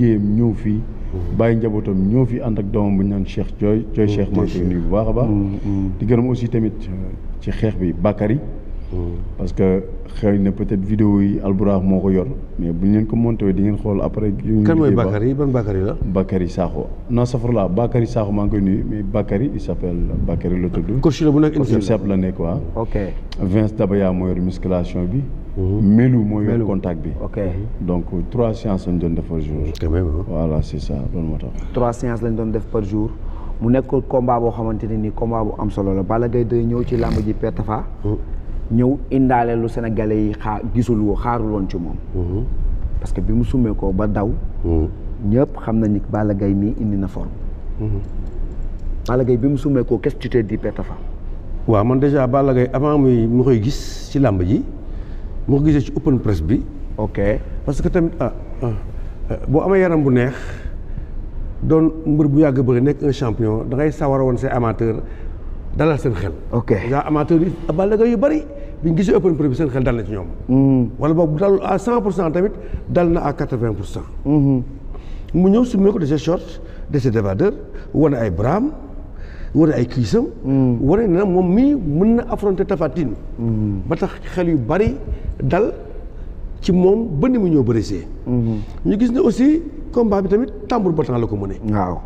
liggéeyam ñëw fii mm-hmm. bàyyi njabootam ñëw fi ànd ak doomam bu ñu naan Cheikh Thioy Thioy mm-hmm. Cheikh maa ngi nuyu bu baax a baax mm-hmm. di gërëm aussi tamit euh, ci xeex bi Bakary parce que xëy na peut-être vidéo yi Alburax moo ko yor mais bu ñu leen ko monté di ngeen xool après kan mooy Bakary ban Bakary la Bakary Sakho non safar la Bakary Sakho maa ngi koy nuyu mais Bakary il s'appelle Bakary la tudd coach la bu nekk coach la nekk waaw ok Vince Dabaya moo yor musculation bi melu mhm. moo yor contact bi. ok donc trois séances lañ doon def par jour. quand même voilà c' est ça loolu moo doon def par jour mu nekk combat boo xamante ne nii combat bu am solo la Balla Gaye ñëw ci làmb ji fa mhm. ñëw indaale lu Sénégalais yi xaar gisul woo xaarul woon ci moom. Mhm. parce que bi mu summee ko ba daw. ñëpp xam nañu ni Balla Gaye mii indi na forme. Balla Gaye bi mu summee koo qu'est-ce que tu te dis waaw man déjà Balla Gaye avant muy mu koy gis ci làmb ji. boo ko gisee ci open press bi. ok parce que tamit ah, ah, ah boo amee yaram bu neex doon mbër bu yàgg bëri nekk un champion da ngay sawar woon say amateur dalal seen xel. ok yaa amateur yi ah, Balla Gaye yu bëri bi ñu gisee open press bi seen xel dal na ci ñoom. Hmm. wala boobu dalul à cent pour cent tamit dal na ak quatre vingt pour cent. Hmm. mu ñëw su ma ko de ses shorts de ses débardeurs wane ay braam. war ay kii kiisam. Mm. wane na moom mii mën na affronter Tapha mm. ba tax xel yu bari dal ci moom ba ni mu ñëw bëri see. Mm-hmm. ñu gis ne aussi combat bi tamit tambour battant la ko mënee. waaw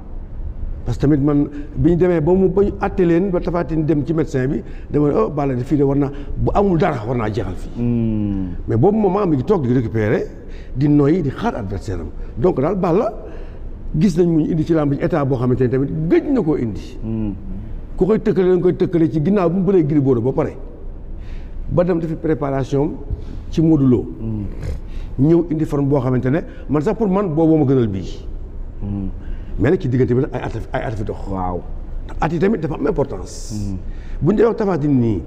parce que tamit man bi ñu demee ba mu ba ñu àtte leen ba Tapha dem ci médecin bi dama ne oh Balla de fii de war naa bu amul dara war naa jeexal fii. Mm. mais boobu moment mi ngi toog di récupérer di noyyi di xaar adversaire am donc daal Balla. gis nañ mu indi ci làmb ji état boo xamante ne tamit gëj nga koo indi. Hmm. ku koy tëkkale dañ koy tëkkalee ci ginnaaw bu mu bëree Gris Bordeaux ba pare. ba dem defi préparation ci Modou hmm. ñëw indi forme boo xamante ne man sax pour man boobu ma gënal bii. Hmm. mais nag ci diggante bi nag ay at ay at fi dox. waaw at tamit dafa am importance. bu dee wax Tapha nii.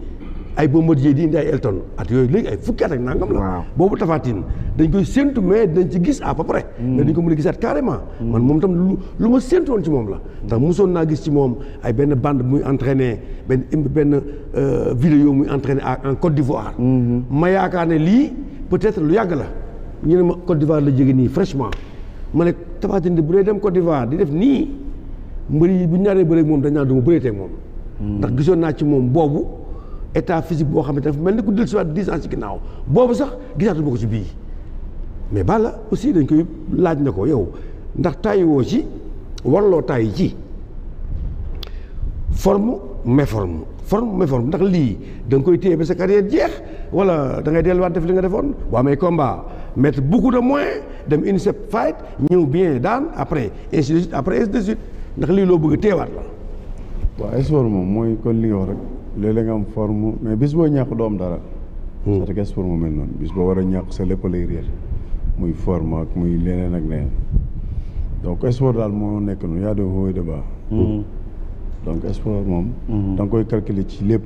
ay Bombardier di indi ay Elton at yooyu léegi ay fukki at ak nangam la boobu tafaatin dañ koy séntu mais dañ ci gis à peu près mm. mais dañ ko mën gisaat carrément mm. man moom tam lu lu ma séntu woon ci moom la mm. ndax musoon naa gis ci moom ay benn bande muy entraîné benn benn euh, vidéo muy entraîné en Côte d'Ivoire mm-hmm. ma yaakaar ne lii peut-être lu yàgg la ñu ne ma Côte d'Ivoire la jege nii fraîchement ma ne tafaatin bu dee dem Côte d'Ivoire di def nii mbëri yi bu ñu ñaaree bëreeg moom dañ naan du moom ndax gisoon naa ci moom boobu etat physique boo xam ne dafa mel ni ku dellusiwaat dix ans ci ginnaaw boobu sax gisaatu ma ko ci bii mais Balla aussi dañ koy laaj na ko yow ndax tàyyiwoo ci warloo tàyyi ci forme méforme forme méforme ndax lii danga koy téye ba sa carrière jeex wala dangay delluwaat def li nga defoon waa may combat mettre beaucoup de moyens dem une seule fight ñëw bien daan après ainsi de suite après ndax lii loo bëgg teewaat la. waaw sport moom mooy kon li wax rek. léeg-léeg nga am forme mais bis boo ñàkk doo am dara. sa ges forme mel noonu bis boo war a ñàkk sa lépp lay réer muy forme ak muy leneen ak leneen donc sport daal moo nekk noonu yaa de wooy de baax hmm. donc sport moom hmm. da nga koy calculer ci lépp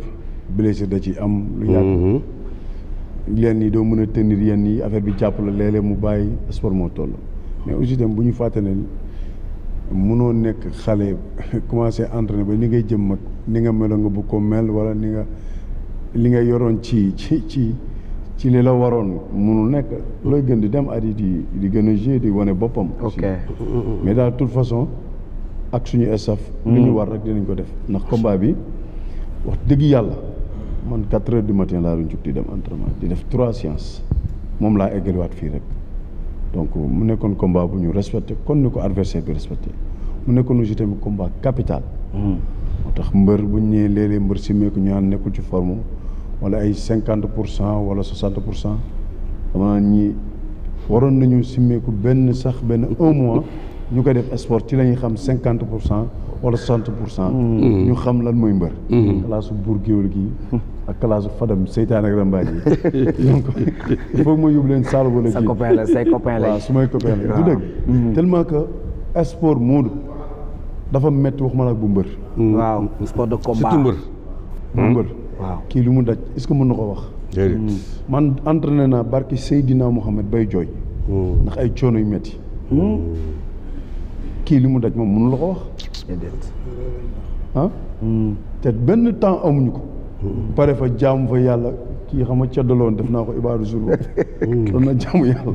blessé da ci am lu yàgg hmm. yenn yi doo mën a tenir yenn yi affaire bi jàpp la léeg mu bàyyi sport moo toll mais aussi dem bu ñu fàtte ne mënoo nekk xale commencé entraîné ba ni ngay jëm mag ni nga meloon nga bu ko mel wala ni nga li nga yoroon ci ci ci ci li la waroon mënul nekk looy gën di dem at yi di gën a joué di wane boppam. ok mais daal de façon ak suñu staff. lu ñu mm. war rek dinañ ko def ndax combat bi wax dëgg yàlla man quatre heures di matin laa doon jug di dem entraînement di def trois séances moom laa eggaliwaat fii rek. donc mu nekkoon combat bu ñu respecté kon ni ko adversaire bi respecté mu nekkoon aussi tamit combat capital. Hmm. moo tax mbër bu ñu nee léeg-léeg mbër si meeku nekkul ci forme wala ay cinquante pour cent wala soixante pour cent dama ñi waroon nañu simmeeku benn sax benn un moins ñu koy def sport ci la ñuy xam cinquante pour cent. wala 60 pour cent. Mm. ñu xam lan mooy mbër. Mm. kalaasu buur géwél gi ak kalaasu fadam seytaan ak rambaaj yi donc il ma yóbbu leen saal wala sa copain la say su may copain la du dëgg. Mm. tellement que sport moodu dafa métti waxuma la ak bu mbër. waaw sport de mbër. Hmm? kii li mu daj est ce mën na ko wax. man entraîné naa barki Seydina Mohamed bay jooy. Hmm. ndax ay coono yu métti. Hmm. kii li mu daj moom mënu ko wax. ah hmm. te benn temps amuñu ko hmm. pare fa jaamu fa yàlla kii xam nga caddaloon def naa ko ibaaru jour boobu doon na jaamu yàlla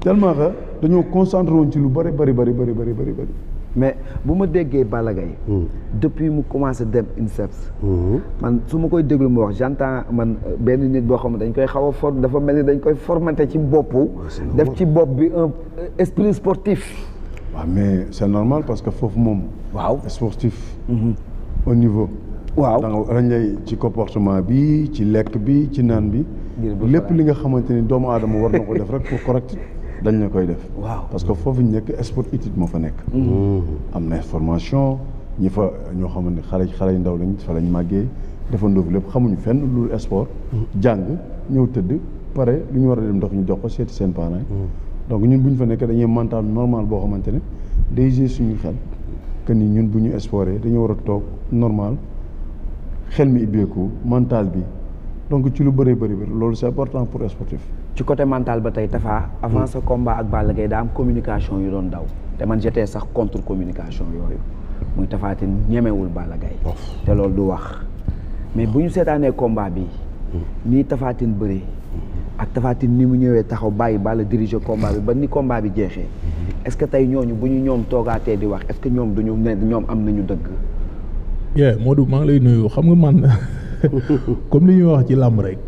tellement que dañoo concentré woon ci lu bari bari bari bari bari bari bari mais bu ma déggee Balla Gaye hmm. depuis mu commencé dem INSEPS man su ma koy déglu mu wax temps man euh, benn nit boo xam ne dañ koy xaw a dafa mel ni dañ koy formaté ci bopp def ci bopp bi un euh, esprit sportif waaw ah, mais c' est normal parce que foofu moom. waaw sportif. Mhm. au niveau. waaw da nga dañ lay ci comportement bi ci lekk bi ci naan bi. lépp li nga xamante ni doomu aadama war na ko def rek pour correct dañ la koy def. waaw parce que foofu ñu nekk sport étude moo fa nekk. Mhm. Mhm. am na information ñi fa ñoo xam ne xale xale ndaw lañ fa lañ màggee defandoo fi lépp xamuñu fenn loolu sport. jàng ñëw tëdd pare lu ñu war a dem ndox ñu jox ko seeti seen parents. donc ñun bu ñu fa nekk dañuy mental normal boo xamante ne day gis suñu xel que ni ñun bu ñu exploré dañu war a toog normal xel mi ibbeeku mental bi donc ci lu bëree bëri loolu sa portant pour sportif. ci côté mental ba tey Tafa. avant mm. sa combat ak Balla Gaye daa am communication yu doon daw te man j'étais sax contre communication yooyu muy Tapha Tine ñemewul Balla Gaye te loolu du wax mais bu ñu seetaanee combat bi. Mm. nii Tapha Tine bëree. ak Tafatine ni mu ñëwee taxaw bàyyi bala diriger combat bi ba ni kombaa bi jeexee est-ce que tey ñooñu bu ñu ñoom toogaatee di wax est-ce que ñoom duñu ne ñoom am nañu dëgg. yeah Modou maa ngi lay nuyu xam nga man comme li ñuy wax ci làmb rek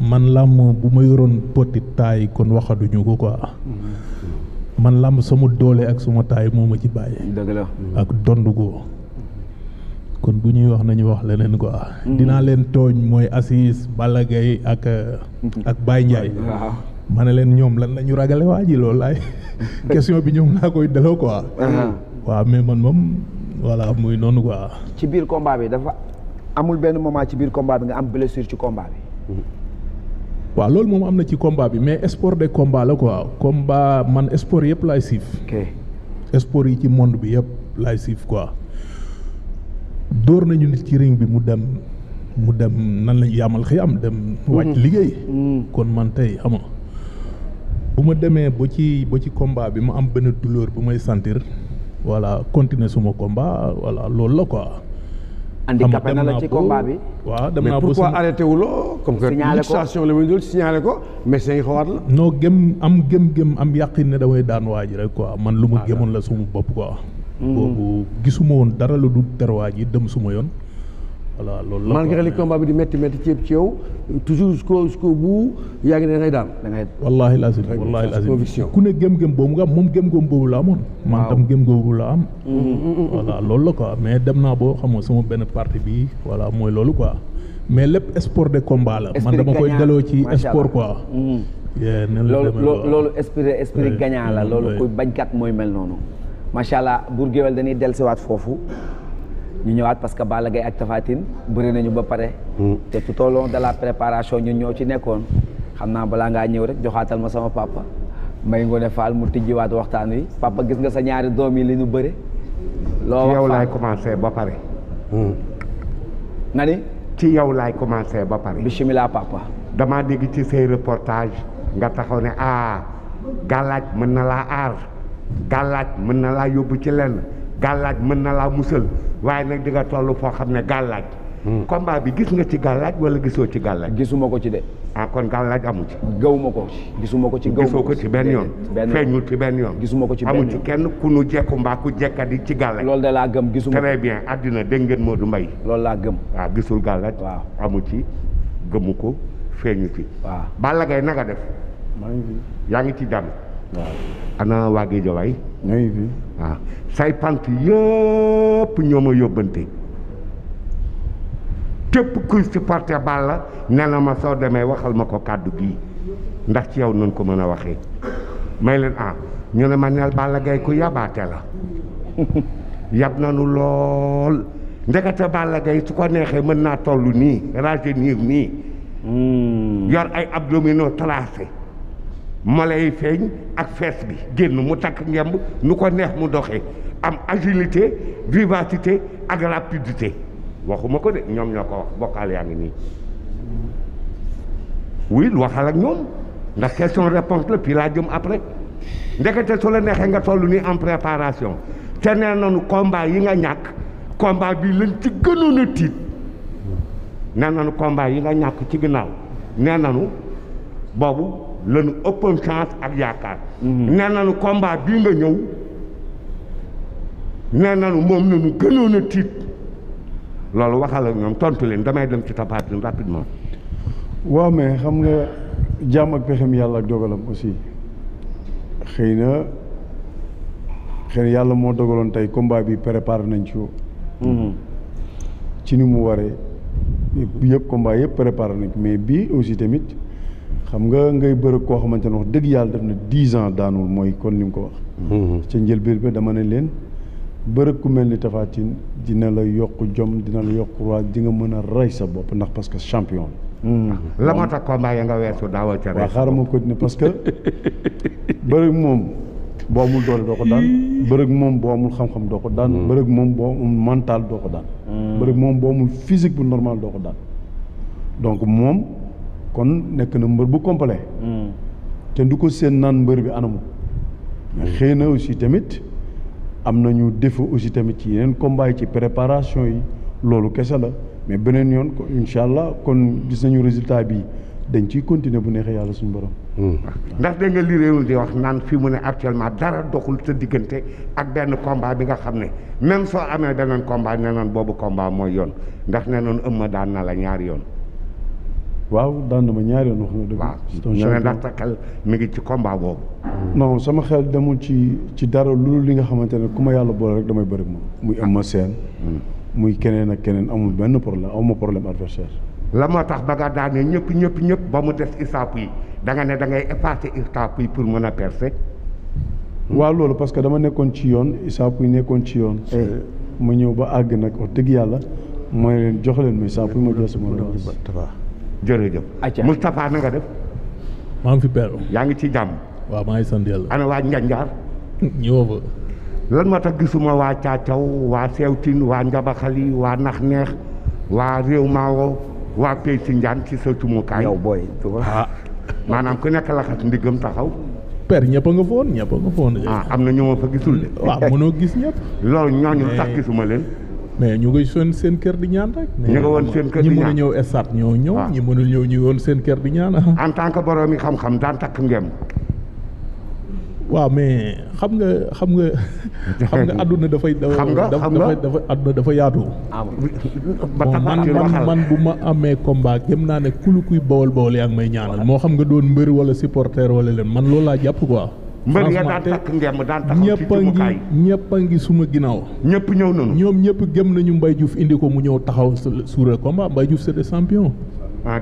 man làmb bu ma yoroon poti taay kon waxatuñu ko quoi. Mm-hmm. man làmb sama doole ak sama taay moom ma ci bàyyi. dëgg la ak dondu ko. kon bu ñuy wax nañu wax leneen ko quoi. Mm-hmm. naa leen tooñ mooy Assis Balla Gaye ak. Mm-hmm. ak Baye Ndiaye. ma ne leen ñoom lan la ñu ragale waa ji loolu laay question bi ñoom laa koy delloo quoi. Uh-huh. waaw mais man moom voilà muy noonu quoi. ci biir combat bi dafa amul benn moment ci biir combat bi nga am blessure ci combat bi. Mm-hmm. waa loolu moom am na ci combat bi mais sport de combat la quoi combat man sport yëpp laay siif. ok yi ci monde bi yëpp laay siif quoi. dóor nañu nit ci ring bi mu dem mu dem nan lañ yàmal am dem wàcc mm-hmm. liggéey mm-hmm. kon man tey xam bu ma demee ba ci ba ci combat bi ma am benn douleur bu may sentir voilà continuer suma combat voilà loolu la quoi handicapé na la ci combat bi waaw dem naa mais pourquoi arrêté wuloo comme que luxation la muy dul signalé ko mais seen xawaat la gëm am gëm gëm am yàqin ne damay daan waa ji rek quoi man lu ma ah, gëmoon la suma bopp quoi Mm-hmm. boobu gisuma woon dara lu dul terwaa ji dem suma yoon voilà loolu la malgré li bi di métti métti ceeb ci yow toujours jusqu'au jusqu'au bout yaa ngi ne da ngay daan da ngay ku ne gëm-gëm boobu nga moom gëm-gëm boobu la amoon la mm-hmm. loolu la mais dem naa boo xam nga sama benn parti bii voilà mooy loolu quoi mais lépp sport de combat la man dama koy delloo ci sport quoi mm-hmm. loolu loolu esprit esprit gagnant la loolu kuy bañkat mooy mel noonu macha allah buur géwél dañuy dellusiwaat foofu ñu ñëwaat parce que Balla ak tafaatin Tine bëri nañu ba pare. Hmm. te tout au long la préparation ñu ñoo ci nekkoon xam naa balaa ngaa ñëw rek joxaatal ma sama papa may ngoone Fall mu tijjiwaat waxtaan wi papa gis nga sa ñaari doom yi li ñu bëre. loo yow laay commencé ba pare. Hmm. nga ni. ci yow laay commencé ba pare. bisimilah papa. damaa dégg ci say reportage nga taxaw ne ah galaaj mën na laa aar. gàllaaj mën na laa yóbbu ci lenn gàllaaj mën na laa musal waaye nag di nga toll foo xam ne gàllaaj hmm. combat bi gis nga ci gàllaaj wala gisoo ci gàllaaj gisuma ko ci de ah kon gàllaaj amu ci gawuma ko gisuma ko ci gisoo ko ci benn yoon feeñul ci benn yoon gisuma ko ci amu kenn ku nu jekku mbaa ku jekkadi ci gàllaaj loolu de laa gëm gisuma très bien àddina dégg ngeen Modou Mbaye loolu laa gëm ah, gisul gàllaaj waaw amu ci gëmu ko feeñu ci waaw Balla nag a def yaa ngi ci jàmm ana waa Géejawaay ñooy say pànk yëpp ñoo ma yóbbante képp kuy supporter Balla nee na ma soo demee waxal ma ko kàddu gii ndax ci yow noonu ko mën a waxee may leen ah ñu ne ma neel Balla Gaye ku yabaate la yab nanu lool ndekete Balla Gaye su ko neexee mën naa toll nii rajeunir nii hmm. yor ay abdominaux tracé mala yi feeñ ak fees bi génn mu takk ngemb nu ko neex mu doxee am agilité vivacité ak rapidité waxuma ko de ñoom ñoo ko wax bokkaal yaa ngi nii oui waxal ak ñoom ndax question réponse la puis laa jëm après ndekete su la neexee nga toll nii en préparation te nee nañu combat yi nga ñàkk combat bi lañ ci gënoon a tiit nee nañu combat yi nga ñàkk ci ginnaaw nee nañu boobu la ñu ëppoon ak yaakaar. Mhm. nee nañu combat bii nga ñëw nee nañu moom la ñu gënoon tiit loolu waxal ak ñoom tontu leen damay dem ci tapatin rapidement. waaw mais xam nga jàmm ak pexem yàlla ak dogalam aussi xëy na xëy na yàlla moo dogaloon tey combat bii préparé nañ ci mhm. ci ni mu waree yëpp combat yëpp préparé nañ mais bii aussi tamit. xam nga ngay bërëg koo xamante ne wax dëgg yàlla def na dix ans daanul mooy kon ni mu ko wax mm-hmm. ca njëlbéen bi dama ne leen bërëg ku mel ni Tapha Tine dina la yokk jom dina la yokk waaj di nga mën a rey sa bopp ndax parce que champion la mm-hmm. ah. moo tax daawal ca xaaral ma continuer parce que bërëg moom boo amul doole doo ko daan bërëg moom boo amul xam doo ko daan mm-hmm. moom boo amul mental ko daan bërëg moom boo bu normal doo ko daan donc moom kon nekk na mbër bu complet hmm. te du ko seen naan mbër bi anamu mais hmm. xëy na aussi tamit am nañu défaut aussi tamit ci yeneen combat ci préparation yi loolu kese la mais beneen yoon ko incha allah kon gis nañu résultat bi dañ ciy continuer bu neexee yàlla suñu borom. Hmm. ndax da nga li réew di wax naan fii mu ne actuellement dara doxul sa diggante ak benn combat bi nga xam ne même soo amee beneen combat nee boobu combat mooy yoon ndax nee naan ëmma daan na la waaw daan na ma ñaari yoon wax nga dëgg. waaw ñu ne ndax mi ngi ci combat boobu. non sama xel demul ci ci dara loolu li nga xamante ne ku ma yàlla boole rek damay bëri moom. muy am ma seen. muy keneen ak keneen amul benn problème amuma problème adversaire. la moo tax ba nga daanee ñëpp ñëpp ñëpp ba mu des ISAP yi danga nga ne da ngay effacer yi pour mën a percer. waaw loolu parce que dama nekkoon ci yoon ISAP yi nekkoon ci yoon. Eh. ma ñëw ba àgg nag wax dëgg yàlla mooy leen jox leen muy ISAP yi ma jox sama. jërëjëf. ayca Moustapha na nga def. maa ngi fi peru. yaa ngi ci jàmm. waaw maa ngi sant yàlla. ana waa Njanjaar. ñëw fa. lan moo tax gisuma waa Caacaw waa Sewtin waa Njabaxali waa Nax Neex waa Réew Maawo waa Pey si Njaan ci sa tumukaay. yow booy ah. maanaam ku nekk laxas ndigam taxaw. père ñëpp a nga foon ñëpp nga foon. Ah, am na ñu ma fa gisul de. waaw mënoo gis ñëpp. loolu ñooñu tax gisuma leen. mais ñu ngi woon seen kër di ñaan rek. ñu ngi woon seen kër di ñaan ñi mën a ñëw estat ñoo ñi woon seen kër di ñaan en tant que borom yi xam-xam daan takk ngem. waaw mais xam nga xam nga. xam nga àdduna dafay. xam nga xam nga dafa àdduna dafa yaatu. Ah, ba man man bu ma amee combat gëm naa ne kulu kuy bawol bawol yaa ngi may ñaanal. moo xam nga doon mbër wala supporter wala leen man loolu laa jàpp quoi. mbër ya daan takk ngeem daan taxaw ñëpp ngi ñëpp a ngi suma ginnaaw ñëpp ñëw nañu ñoom ñëpp gëm nañu mbay Diouf indi ko mu ñëw taxaw sur le combat Mbaye Diouf c'est le champion ah,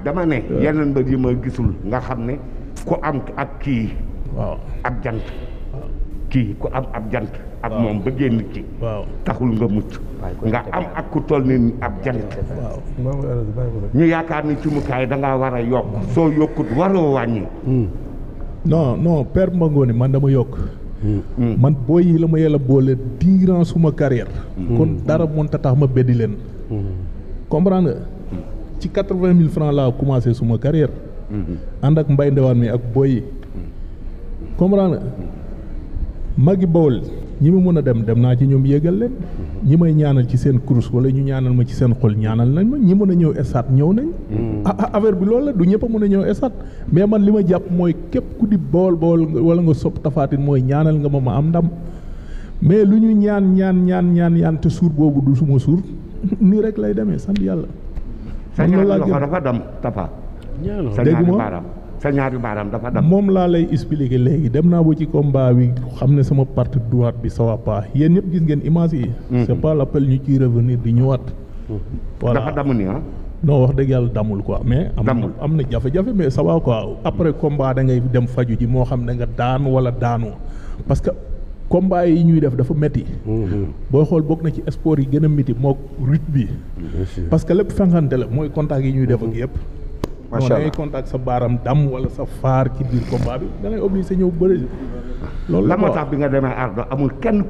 yeneen mbër yi ma gisul nga xam ne ku am ak kii waaw jant kii ku am ab jant ak moom ba génn ci taxul nga mucc nga am ak ku toll ni ab jant ñu yaakaar ni ci mukaay dangaa war a yokk mm. soo yokkut waroo wàññi mm. non non père Mangone man dama yokk. Mm, mm. man booy la ma yàlla boole durant suma carrière. Mm. kon dara mënta tax ma beddi leen. comprendre nga. ci quatre vingt mille francs laa commencé suma carrière. ànd ak mbay ndewaan mi ak booy yi. comprendre magi bawol ñi ma mën a dem dem naa ci ñoom yéegal leen mm-hmm. ñi may ñaanal ci seen kurus wala ñu ñaanal ma ci seen xol ñaanal nañ ma ñi mën a ñëw esat ñëw nañ mm-hmm. ah, ah affaire bi loolu la du ñëpp mën a ñëw esat mais man li ma jàpp mooy képp ku di bool bool wala nga sopp tafaatin mooy ñaanal nga ma ma am ndam mais lu ñu ñaan ñaan ñaan ñaan ñaan te suur boobu du suma suur nii rek lay demee sant yàlla. sa ñaari loxo dafa dam tafa. sa ñaari baaraam dafa dam moom laa lay expliquer léegi dem naa ba ci combat bi xam ne sama partie droite bi ça va pas yéen ñëpp gis ngeen image yi. Mm-hmm. c'est pas l'appel ñu ciy revenir di ñëwaat. Mm-hmm. voilà dafa damu ni ah. non wax dëgg yàlla damul ko mais. am am na jafe-jafe mais sawaa va quoi après combat da ngay dem faju ji moo xam ne nga daan wala daanoo parce que combat yi ñuy def dafa métti. Mm-hmm. booy xool bokk na ci sport yi gën a métti moog rythme bi. parce que lépp fengante la mooy contact yi ñuy def ak yëpp. macha allah non dangay contact sa baaram dam wala sa faar ci biir combat bi dangay obligé ñëw bëri. loolu la moo tax bi nga demee Ardo amul kenn.